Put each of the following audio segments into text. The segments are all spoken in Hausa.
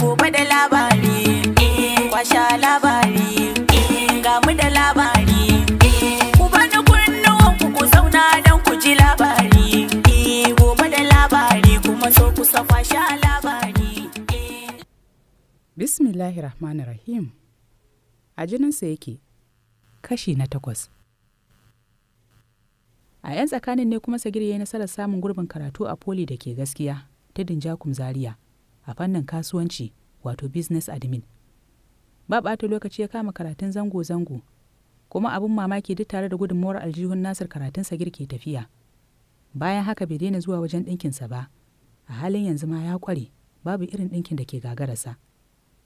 gobe da labari eh, kwasha labari eh, ga mu da labari eh, ku bani kunnuwan ku ku zauna don ku ji labari gobe da labari kuma so ku sa kwasha labari bismillahir rahmanir rahim a jininsa yake kashi na takwas a 'yan tsakanin ne kuma sagir ya yi nasarar samun gurbin karatu a poli da ke gaskiya ta dinjakum zaria a fannin kasuwanci wato business admin ba bata lokaci ya kama karatun zango-zango kuma abin mamaki duk tare da gudunmawar aljihun nasar karatun sa girki tafiya bayan haka bai daina zuwa wajen ɗinkinsa ba a halin yanzu ma ya ƙware babu irin ɗinkin da ke gagararsa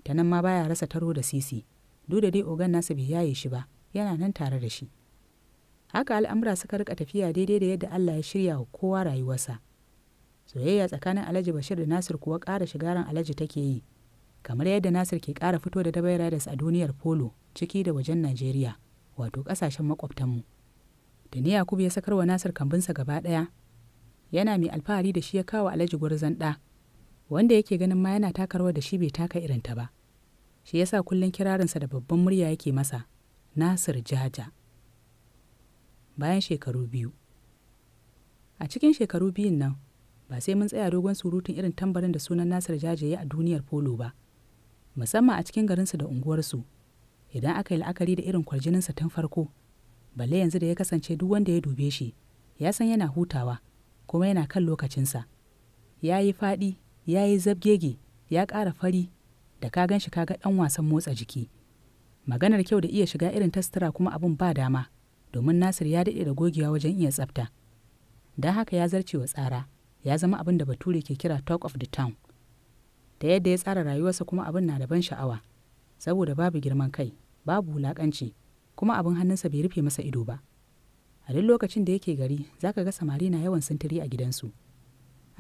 ta nan ma baya rasa taro da sisi duk da dai ogan nasa bai yaye shi ba yana nan tare da shi haka al'amura suka rika tafiya daidai da yadda allah ya shirya wa kowa rayuwarsa soyayya tsakanin alhaji bashir da nasir kuwa ƙara shiga ran alhaji take yi kamar yadda nasir ke ƙara fito da dabai riders a duniyar polo ciki da wajen najeriya wato ƙasashen makwabtanmu da ni yakubu ya sakar wa nasir kambinsa gaba ɗaya yana mai alfahari da shi ya kawo alhaji gwarzon ɗa wanda yake ganin ma yana takarwa da shi bai taka irin ta ba shi yasa kullum kirarinsa da babban murya yake masa nasir jaja bayan shekaru biyu a cikin shekaru biyun nan ba sai mun tsaya dogon surutun irin tambarin da sunan nasir ya a duniyar polo ba musamman a cikin garinsu da unguwarsu idan aka yi la'akari da irin kwarjininsa tun farko balle yanzu da ya kasance duk wanda ya dube shi ya san yana hutawa kuma yana kan lokacinsa ya yi faɗi ya yi zabgege ya ƙara fari da ka gan shi ka ga ɗan wasan motsa jiki maganar kyau da iya shiga irin tastara kuma abin ba dama domin nasir ya daɗe da gogewa wajen iya tsafta don haka ya zarce wa tsara ya zama abin da bature ke kira talk of the town da yadda ya tsara rayuwarsa kuma abin na da ban sha'awa saboda babu girman kai babu wulaƙanci, kuma abin hannunsa bai rufe masa ido ba a duk lokacin da yake gari za ka ga samari na yawan sintiri a gidansu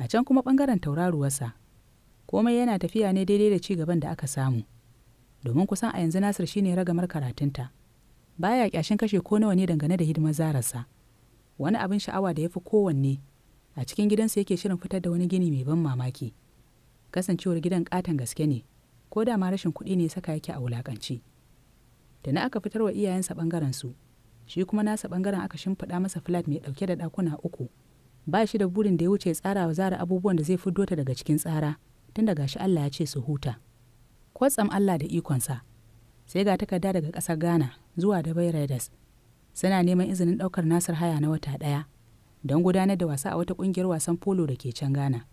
a can kuma ɓangaren tauraruwarsa komai yana tafiya ne daidai da ci gaban da aka samu domin kusan a yanzu nasir shine ragamar karatunta baya kyashin kashe ko nawa ne dangane da hidimar zararsa wani abin sha'awa da ya fi kowanne a cikin gidansa yake shirin fitar da wani gini mai ban mamaki kasancewar gidan katon gaske ne ko da ma rashin kuɗi ne saka yake a wulakanci da na aka fitar wa iyayensa bangaren su shi kuma nasa bangaren aka shimfiɗa masa flat mai ɗauke da ɗakuna uku ba shi da burin da ya wuce tsara wa zara abubuwan da zai fiddo ta daga cikin tsara tun daga shi Allah ya ce su huta kwatsam Allah da ikonsa sai ga takarda daga ƙasar Ghana zuwa da Riders suna neman izinin ɗaukar nasar haya na wata ɗaya don gudanar da wasa a wata ƙungiyar wasan polo da ke can Ghana.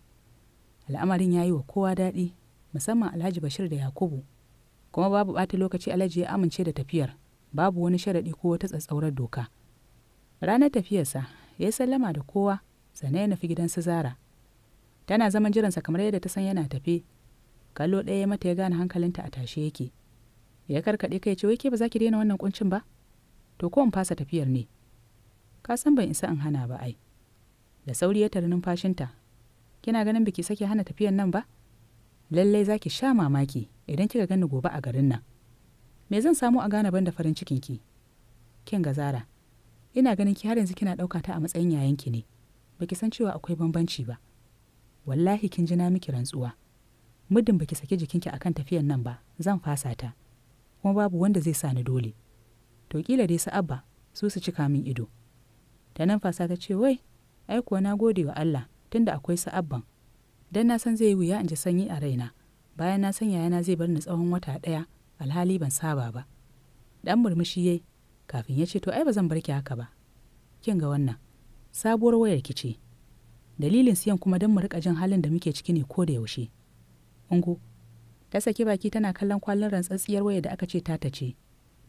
Al'amarin ya yi wa kowa daɗi, musamman Alhaji Bashir da Yakubu, kuma babu ɓata lokaci Alhaji ya amince da tafiyar, babu wani sharaɗi ko wata tsatsaurar doka. Ranar tafiyarsa, ya yi sallama da kowa, sannan ya nufi gidan su Zara. Tana zaman jiransa kamar yadda ta san yana tafe, kallo ɗaya ya mata ya gane hankalinta a tashe yake. Ya karkaɗe kai ce, wai ke ba za ki daina wannan kuncin ba? To ko in fasa tafiyar ne?' ka san ban isa in hana ba ai da sauri ya tare numfashinta kina ganin biki sake hana tafiyan nan ba lallai zaki sha mamaki idan kika gani gobe a garin nan me zan samu a gane ban da farin cikin ki kin ga zara ina ganin ki har yanzu kina ɗaukata ta a matsayin yayanki ne baki san cewa akwai bambanci ba wallahi kin ji na miki rantsuwa muddin baki saki jikinki akan tafiyan nan ba zan fasa ta kuma babu wanda zai sani dole to kila dai su abba su su cika min ido da nan fasa ta ce wai ai kuwa na gode wa Allah tunda akwai sa'abban dan na san zai wuya in ji sanyi a raina bayan na san yayana zai bar ni tsawon wata ɗaya alhali ban saba ba dan murmushi yayi kafin ya ce to ai ba zan bar haka ba kin ga wannan sabuwar wayar ce dalilin siyan kuma dan mu rika jin halin da muke ciki ne ko da yaushe ungo ta saki baki tana kallon kwallon rantsatsiyar wayar da aka ce ta tace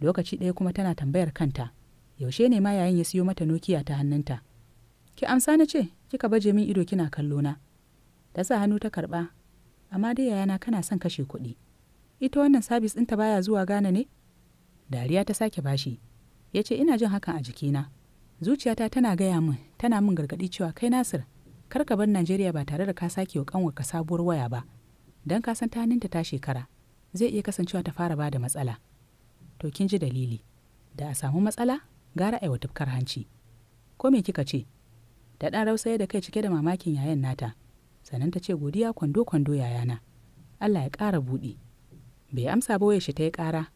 lokaci ɗaya kuma tana tambayar kanta yaushe ne ma yayin ya siyo mata nokiya ta hannunta ki amsa na ce kika baje min ido kina kallo na ta sa hannu ta karba amma dai yayana kana son kashe kuɗi ita wannan sabis ɗinta baya zuwa gana ne dariya ta sake bashi ya ce ina jin hakan a jikina zuciyata tana gaya min tana min gargaɗi cewa kai nasir kar ka bar najeriya ba tare da ka sake wa kanwarka sabuwar waya ba don ka san ta hannunta ta shekara zai iya kasancewa ta fara ba da matsala to kin ji dalili da a samu matsala gara aiwa tufkar hanci ko me kika ce da ɗan rausa da kai cike da mamakin yayan nata sannan ta ce godiya kwando kwando yayana allah ya ƙara buɗi bai amsa ba shi ta ya ƙara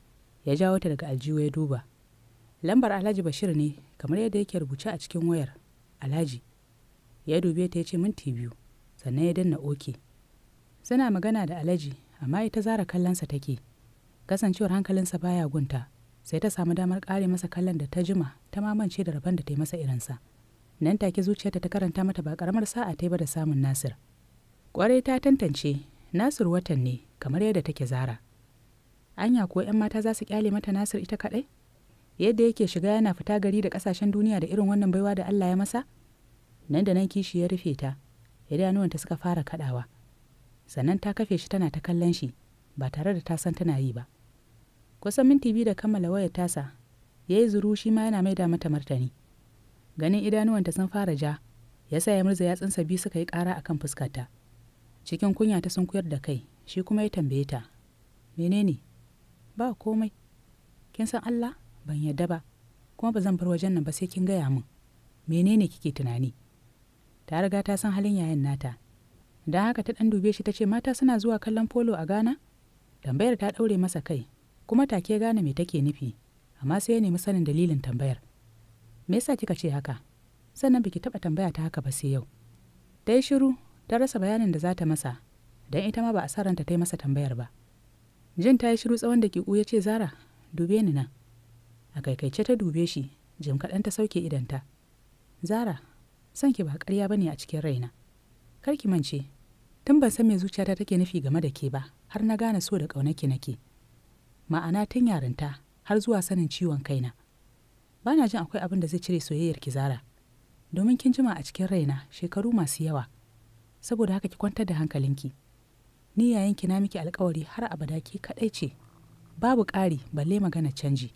ya jawo ta daga aljihu ya duba lambar alhaji bashir ne kamar yadda yake rubuce a cikin wayar alhaji ya dube ta ya ce minti biyu sannan ya danna oke suna magana da alhaji amma ita zara kallonsa take kasancewar hankalinsa baya gunta sai ta samu damar kare masa kallon da ta jima ta mamance da rabon da ta yi masa irinsa nan take zuciyarta ta karanta mata ba karamar sa'a ta ba da samun nasir ƙwarai ta tantance nasir watan ne kamar yadda take zara anya ko 'yan mata za su kyale mata nasir ita kaɗai yadda yake shiga yana fita gari da kasashen duniya da irin wannan baiwa da allah ya masa nan da nan kishi ya rufe ta idanuwanta suka fara kaɗawa sannan ta kafe shi tana ta kallon shi ba tare da ta san tana yi ba kusan minti biyu da kammala wayar tasa ya yi zuru shi ma yana maida mata martani ganin idanuwanta sun fara ja ya sa ya murza yatsunsa biyu suka yi ƙara a kan fuskarta cikin kunya ta sun kuyar da kai shi kuma ya tambaye ta menene ba komai kin san allah ban yadda ba kuma ba zan bar wajen nan ba sai kin gaya min menene kike tunani ta riga ta san halin yayan nata don haka ta ɗan dube shi ta ce mata suna zuwa kallon polo a ghana tambayar ta ɗaure masa kai kuma take gane me take nufi amma sai ya nemi sanin dalilin tambayar me yasa kika ce haka sannan biki taɓa tambaya ta haka ba sai yau ta yi shiru ta rasa bayanin da za ta masa don ita ma ba a saranta ta yi masa tambayar ba jin ta yi shiru tsawon da daƙiƙu ya ce zara dube ni nan a kaikaice ta dube shi jim kaɗan ta sauke idanta zara son ki ba ƙarya ba ne a cikin raina kar ki mance tun ban san me zuciyata take nufi game da ke ba har na gane so da ƙaunaki nake ma'ana tun yarinta har zuwa sanin ciwon kaina ba na jin akwai abin da zai cire soyayyar ki zara domin kin jima a cikin raina shekaru masu yawa saboda haka ki kwantar da hankalinki ni yayin ki na miki alkawari har abada ki kadai ce babu ƙari balle magana canji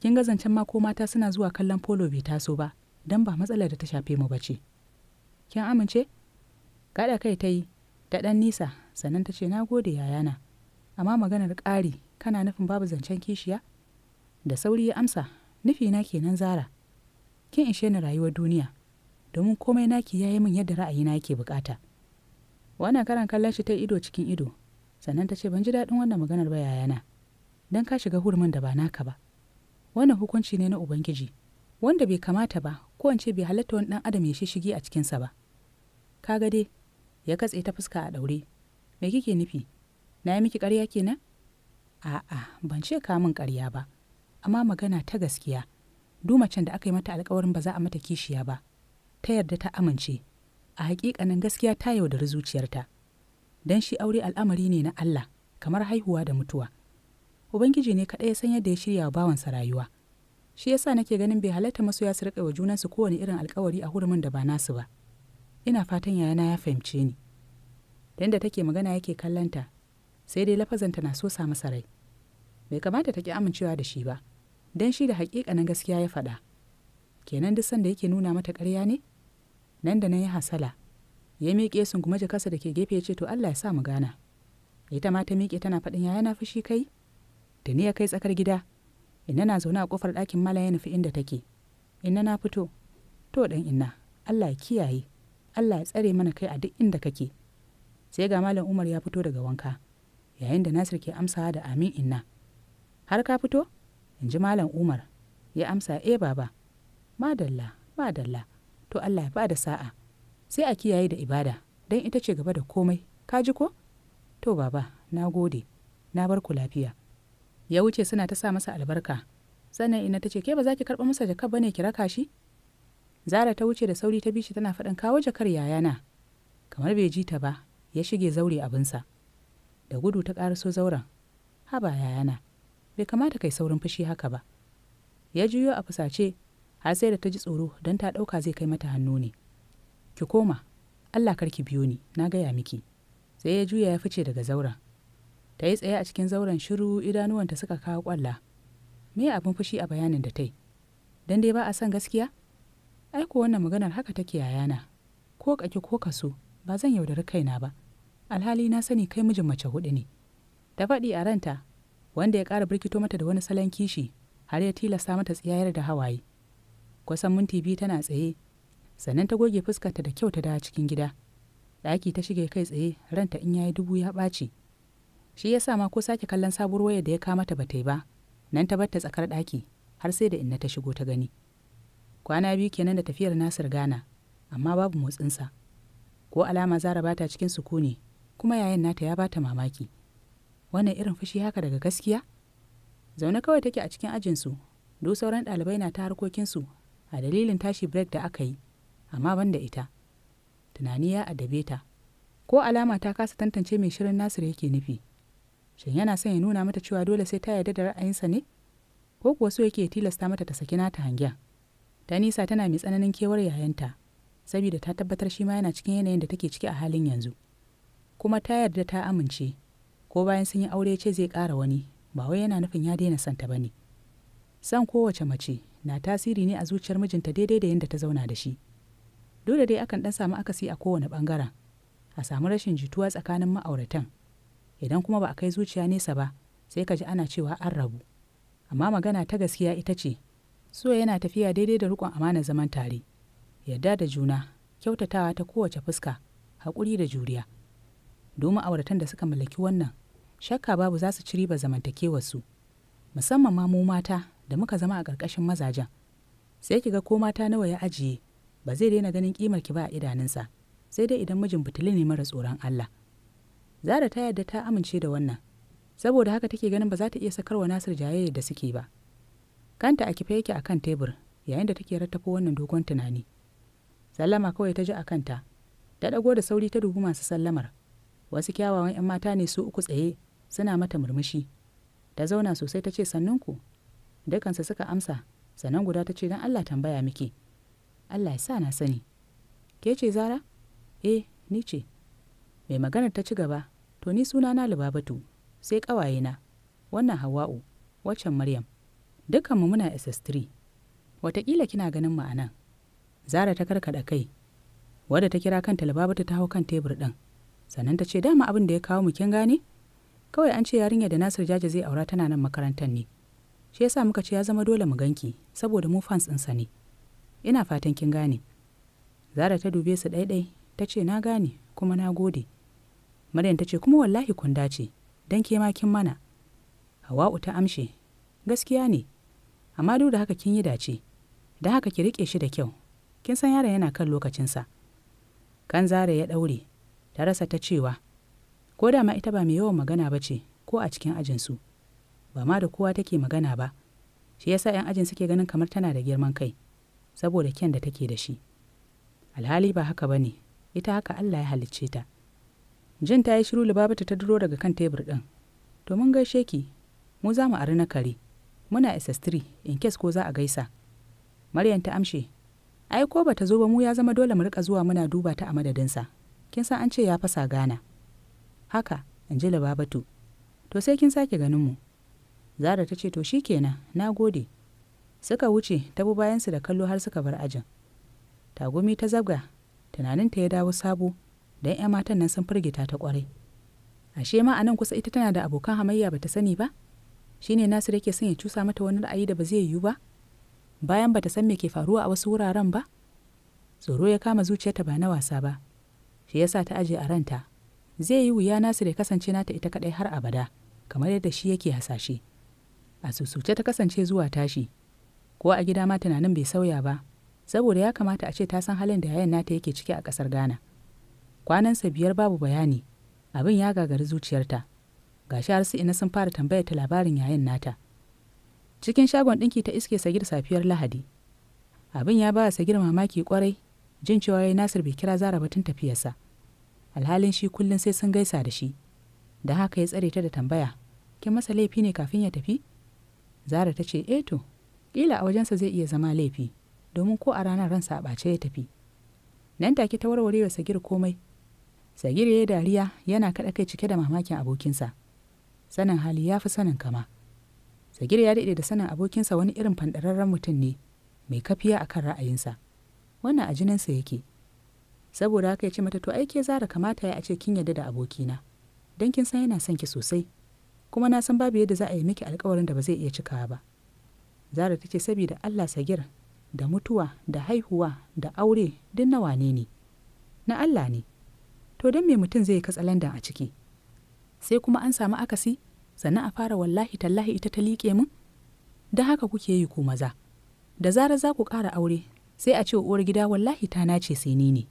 kin ga zancen ma ko mata suna zuwa kallon polo bai taso ba don ba matsalar da ta shafe mu ba ce kin amince gaɗa kai ta yi da ɗan nisa sannan ta ce na gode yayana amma maganar ƙari kana nufin babu zancen kishiya da sauri ya amsa nufi na kenan zara kin ishe ni rayuwar duniya domin komai naki ya yi min yadda ra'ayina yake bukata wannan karan kallon shi ta ido cikin ido sannan ta ce ban ji daɗin wannan maganar ba yayana don ka shiga hurumin da ba naka ba wannan hukunci ne na ubangiji wanda bai kamata ba ko in ce bai halatta wani ɗan adam ya shishigi a cikinsa ba kaga dai ya katse ta fuska a daure. me kike nufi na yi miki ƙarya kenan A'a, ban ce ka min ƙarya ba, amma magana ta gaskiya, dumacin da aka yi mata alkawarin ba za a mata kishiya ba, ta yarda ta amince, a haƙiƙanin gaskiya ta yaudari zuciyarta. Don shi aure al'amari ne na Allah, kamar haihuwa da mutuwa. Ubangiji ne kaɗai ya san yadda ya shirya wa bawansa rayuwa. Shi yasa nake ganin bai halatta masoya su riƙa wa junansu kowane irin alkawari a hurumin da ba nasu ba. Ina fatan yayana ya fahimce ni. Dan da take magana yake kallanta, sai dai lafazanta na so sa masa rai. bai kamata ta ki amincewa da shi ba don shi da na gaskiya ya faɗa kenan duk sanda yake nuna mata ƙarya ne nan da nan ya hasala ya miƙe sun kuma jakarsa da ke gefe ya ce to Allah ya sa mu gana ita ma ta miƙe tana faɗin yaya na fushi kai da ni ya kai tsakar gida inna na zaune a kofar ɗakin mala ya nufi inda take inna na fito to ɗan inna Allah ya kiyaye Allah ya tsare mana kai a duk inda kake sai ga malam Umar ya fito daga wanka yayin da Nasir ke amsawa da amin inna har ka fito in ji malam umar ya amsa e baba madalla madalla to allah ba da sa'a sai a kiyaye da ibada don ita ce gaba da komai ka ji ko to baba na gode na bar ku lafiya ya wuce suna ta sa masa albarka sannan ina ta ce ke ba za ki karɓa masa jakar bane ki raka shi zara ta wuce da sauri ta bi shi tana faɗin kawo jakar yayana kamar bai ji ta ba ya shige zaure abinsa da gudu ta ƙaraso zauren haba yayana bai kamata kai saurin fushi haka ba ya juyo a fusace har sai da ta ji tsoro don ta ɗauka zai kai mata hannu ne ki koma allah kar ki biyo ni na gaya miki sai ya juya ya fice daga zauren ta yi tsaye a cikin zauren shiru idanuwanta suka kawo kwalla me abin fushi a bayanin da ta yi don dai ba a son gaskiya aiko wannan maganar haka take yayana ko kake ko kaso ba zan yaudari kaina ba alhali na sani kai mijin mace hudu ne ta faɗi a ranta wanda ya ƙara birkito mata da wani salon kishi har ya tilasta mata tsiyayar da hawaye kusan minti biyu tana tsaye sannan ta goge fuskarta da kyau ta dawo cikin gida ɗaki ta shige kai tsaye ranta in yayi dubu ya ɓaci shi yasa ma ko sake kallon sabuwar wayar da ya kama ta yi ba nan ta batta tsakar ɗaki har sai da inna ta shigo ta gani kwana biyu kenan da tafiyar nasir gana amma babu motsinsa ko alama zara bata cikin sukuni kuma yayin nata ya bata mamaki wannan irin fushi haka daga gaskiya zaune kawai take a cikin ajinsu duk sauran ɗalibai na ta harkokinsu a dalilin tashi break da aka yi amma ban da ita tunani ya addabe ta ko alama ta kasa tantance mai shirin nasir yake nufi shin yana son ya nuna mata cewa dole sai ta yarda da ra'ayinsa ne ko kuwa so yake tilasta mata ta saki nata hangen ta nisa tana mai tsananin kewar yayanta saboda ta tabbatar shi ma yana cikin yanayin da take ciki a halin yanzu kuma ta yarda ta amince ko bayan sun yi aure ce zai ƙara wani ba wai yana nufin ya daina santa ba ne san kowace mace na tasiri ne a zuciyar mijinta daidai da yadda ta zauna da shi dole dai akan ɗan samu akasi a kowane ɓangaren a samu rashin jituwa tsakanin ma'auratan idan kuma ba a kai zuciya nesa ba sai ka ji ana cewa an rabu amma magana ta gaskiya ita ce so yana tafiya daidai da riƙon amana zaman tare Yadda da juna kyautatawa ta kowace fuska haƙuri da juriya domin auratan da suka mallaki wannan shakka babu za su ci riba zamantakewarsu musamman ma mu mata da muka zama a ƙarƙashin mazajen sai ki ga ko mata nawa ya ajiye ba zai daina ganin ƙimar ki ba a idanunsa sai dai idan mijin fitili ne mara tsoron Allah Zara ta yarda ta amince da wannan saboda haka take ganin ba za ta iya sakar wa Nasir jayayyar da suke ba kanta a kife yake kan tebur yayin da take rattafa wannan dogon tunani sallama kawai ta ji a kanta ta dago da sauri ta dubi masu sallamar wasu kyawawan 'yan mata ne su uku tsaye suna mata murmushi ta zauna sosai ta ce sannunku dukansa suka amsa sannan guda ta ce don allah tambaya miki allah ya sa na sani ke ce zara eh ni ce mai maganar ta ci gaba to ni suna na libabatu sai na. wannan hawa'u waccan maryam dukkanmu muna ss3 watakila kina ganin mu a zara ta karkada kai wadda ta kira kanta libabatu ta hau kan tebur ɗin sannan ta ce dama abin da ya kawo mu kin gane kawai an ce yarinyar da Nasir jaji zai aura tana nan makarantar ne shi yasa muka ce ya zama dole mu ganki saboda mu fans ɗinsa ne ina fatan kin gane Zara ta dube su ɗaiɗai ta ce na gane kuma na gode Maryam ta ce kuma wallahi kun dace don ke ma kin mana Hawa'u ta amshe gaskiya ne amma duk da haka kin yi dace da haka ki rike shi da kyau kin san yaron yana kan lokacinsa kan zara ya ɗaure ta rasa ta cewa ko dama ita ba mai yawan magana ba ce ko a cikin ajinsu ba ma da kowa take magana ba shi yasa 'yan ajin suke ganin kamar tana da girman kai saboda kyan da take da shi alhali ba haka ba ne ita haka allah ya halicce ta jin ta yi shiru libabata ta duro daga kan tebur ɗin to mun gaishe ki mu za mu ari na kare muna ss3 in kes ko za a gaisa maryam ta amshe ai ko bata zo ba mu ya zama dole mu rika zuwa muna duba ta a madadinsa kin san an ce ya fasa gana haka in ji lababatu to sai kin sake ganin mu zara ta ce to shi kenan na gode suka wuce ta bayan su da kallo har suka bar ajin tagumi ta zabga ta ya dawo sabo don 'yan matan nan sun firgita ta kwarai ashe ma a nan kusa ita tana da abokan hamayya bata sani ba shine nasir yake son ya cusa mata wani ra'ayi da ba zai yiwu ba bayan bata san me ke faruwa a wasu wuraren ba tsoro ya kama zuciyarta ba na wasa ba shi yasa ta aje a ranta zai yi wuya nasu da kasance nata ita kadai har abada kamar yadda shi yake hasashe a susuce ta kasance zuwa tashi ko a gida ma tunanin bai sauya ba saboda ya kamata a ce ta san halin da yayan nata yake ciki a kasar ghana kwanansa biyar babu bayani abin ya gagari zuciyarta ga shi har su ina sun fara tambaya ta labarin yayan nata cikin shagon ɗinki ta iske sagir safiyar lahadi abin ya ba sagir mamaki kwarai jin cewa ya nasir bai kira zara batun tafiyarsa alhalin shi kullum sai sun gaisa da shi da haka ya tsare ta da tambaya kin masa laifi ne kafin ya tafi zara ta ce eh to ƙila a wajensa zai iya zama laifi domin ko a ranar ransa a ɓace ya tafi nan take ta warware wa sagir komai sagir ya yi dariya yana kaɗa kai cike da mamakin abokinsa sanin hali ya fi sanin kama sagir ya daɗe da sanin abokinsa wani irin fanɗararren mutum ne mai kafiya a kan ra'ayinsa wannan a jininsa yake saboda haka ya ce mata to aike zara kamata ya a ce kin yadda da abokina don kin san yana son ki sosai kuma na san babu yadda za a yi miki alkawarin da ba zai iya cikawa ba zara ta ce saboda allah sagir da mutuwa da haihuwa da aure duk na wane ne na allah ne to don me mutum zai katsalandan a ciki sai kuma an samu akasi sannan a fara wallahi tallahi ita ta liƙe min don haka kuke yi ku maza da zara za ku ƙara aure sai a ce uwar gida wallahi ta nace sai ni ne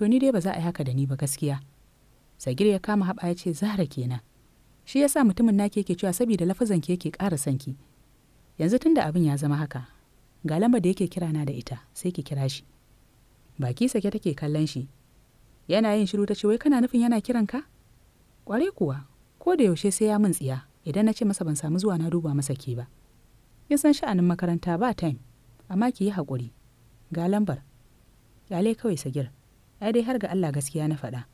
to ni dai ba za a yi haka da ni ba gaskiya sagir ya kama haɓa ya ce zahra kenan shi ya sa mutumin naki yake cewa saboda lafazan ke yake ƙara son ki yanzu tun da abin ya zama haka ga lamba da yake kira na da ita sai ki kira shi baki sake take kallon shi yana yin shiru ta ce wai kana nufin yana kiran ka ƙwarai kuwa ko da yaushe sai ya min tsiya idan na ce masa ban samu zuwa na duba masa ke ba Kin san sha'anin makaranta ba time amma ki yi haƙuri ga lambar yale kawai sagir ai dai har ga Allah gaskiya na faɗa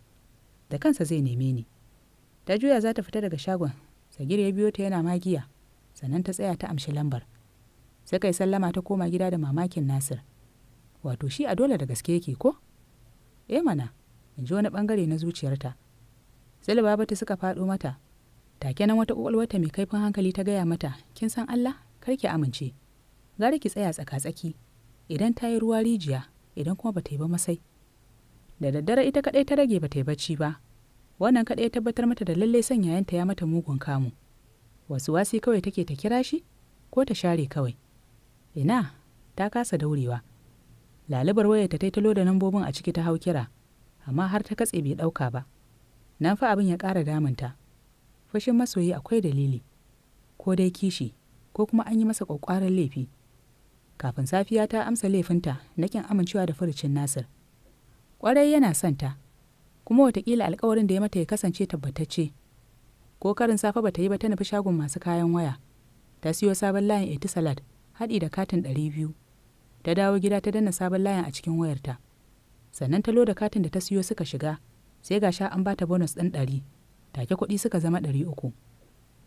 da kansa zai neme ni ta juya za ta fita daga shagon sagir ya biyo ta yana magiya sannan ta tsaya ta amshi lambar sai kai sallama ta koma gida da mamakin nasir wato shi a dole da gaske yake ko eh mana in ji wani bangare na zuciyarta silba bata suka faɗo mata take nan wata ƙwaƙwalwata mai kaifin hankali ta gaya mata kin san Allah kar ki amince gara ki tsaya tsaka-tsaki idan ta yi ruwa rijiya idan kuma ba ta yi ba masai da daddare ita kaɗai ta rage ba ta yi bacci ba wannan kaɗai ya tabbatar mata da lallai son yayanta ya mata mugun kamu wasu wasi kawai take ta kira shi ko ta share kawai ina ta kasa daurewa lalibar wayar ta taitalo da nambobin a ciki ta hau kira amma har ta katse bai ɗauka ba nan fa abin ya ƙara damunta fushin masoyi akwai dalili ko dai kishi ko kuma an yi masa ƙwaƙƙwaran laifi kafin safiya ta amsa laifinta na kin amincewa da furucin nasir Ƙwarai yana son ta, kuma watakila alkawarin da ya mata ya kasance tabbatacce. Ko karin safe bata yi ba ta nufi shagon masu kayan waya. Ta siyo sabon layin eti salad, haɗi da katin ɗari biyu. Ta dawo gida ta danna sabon layin a cikin wayarta. Sannan ta loda katin da ta siyo suka shiga, sai ga sha an bata bonus ɗin ɗari. Take kuɗi suka zama ɗari uku.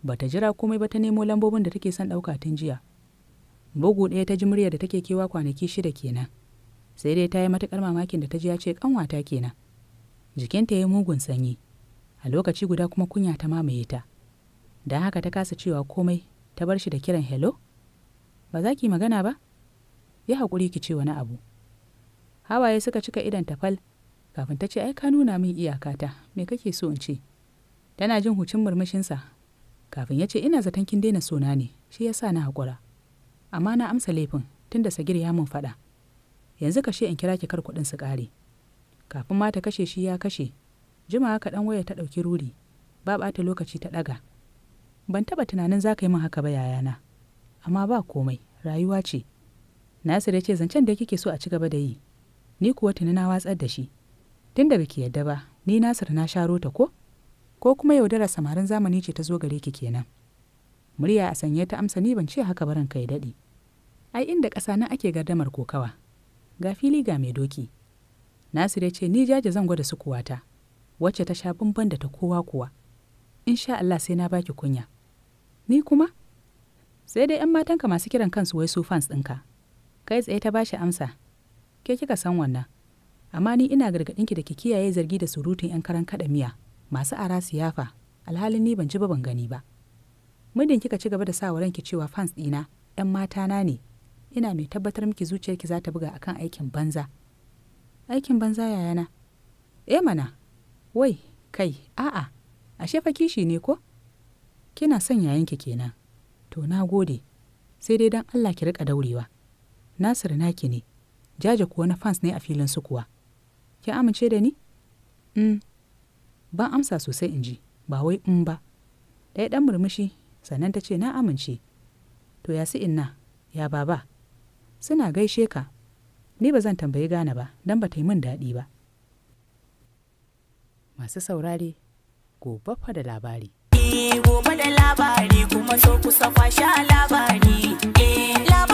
bata jira komai ba ta nemo lambobin da take son ɗauka tun jiya. Bugu ɗaya ta ji murya da take kewa kwanaki shida kenan. sai dai ta yi matuƙar mamakin da ta ji ya ce ƙanwata kenan jikinta ya yi mugun sanyi a lokaci guda kuma kunya ta mamaye ta don haka ta kasa cewa komai ta bar shi da kiran hello ba za ki magana ba ya haƙuri ki ce wani abu hawaye suka cika idan tafal kafin ta ce ai ka nuna min iyakata me kake so in ce tana jin hucin murmushinsa kafin ya ce ina zaton kin daina sona ne shi ya sa na haƙura amma na amsa laifin tun da sagir ya mun faɗa yanzu kashe in kira ki kar kuɗin su ƙare kafin ma ta kashe shi ya kashe jimawa kaɗan waya ta ɗauki ruri ba ɓata lokaci ta ɗaga ban taɓa tunanin za ka yi min haka ba yayana amma ba komai rayuwa ce nasir ya ce zancen da kike so a ci gaba da yi ni kuwa tuni na watsar da shi tun da baki yadda ba ni nasir na sharo ta ko ko kuma yaudarar samarin zamani ce ta zo gare ki kenan murya a sanye ta amsa ni ban ce haka barin kai daɗi ai inda ƙasa nan ake gardamar kokawa ga fili ga mai doki nasir ya ce ni jaje zan gwada sukuwata wacce ta sha bamban da ta kowa kuwa sha Allah sai na baki kunya ni kuma sai dai 'yan matanka masu kiran kansu wai su fans ɗinka kai tsaye ta bashi amsa ke kika san wannan amma ni ina gargaɗinki da ki kiyaye zargi da surutun 'yan karan kaɗa miya masu ara siyafa alhalin ni ban ji ba ban gani ba muddin kika ci gaba da sa wa ranki cewa fans ɗina 'yan matana ne ina mai tabbatar miki zuciyarki za ta buga akan aikin banza aikin banza yayana e mana wai kai a'a ashe fa kishi ne ko kina son yayanki kenan to na gode sai dai dan Allah ki rika daurewa Nasir naki ne jaje kuwa na fans ne a filin su kuwa ki amince da ni mm ban amsa sosai in ji ba wai in mm ba ɗaya ɗan murmushi sannan ta ce na amince to ya su inna ya baba suna gaishe ka ni ba zan tambayi gane ba don ba ta yi min daɗi ba masu saurare gobe fa da labari eh, gobe da labari kuma so kusa kwashe labari eh,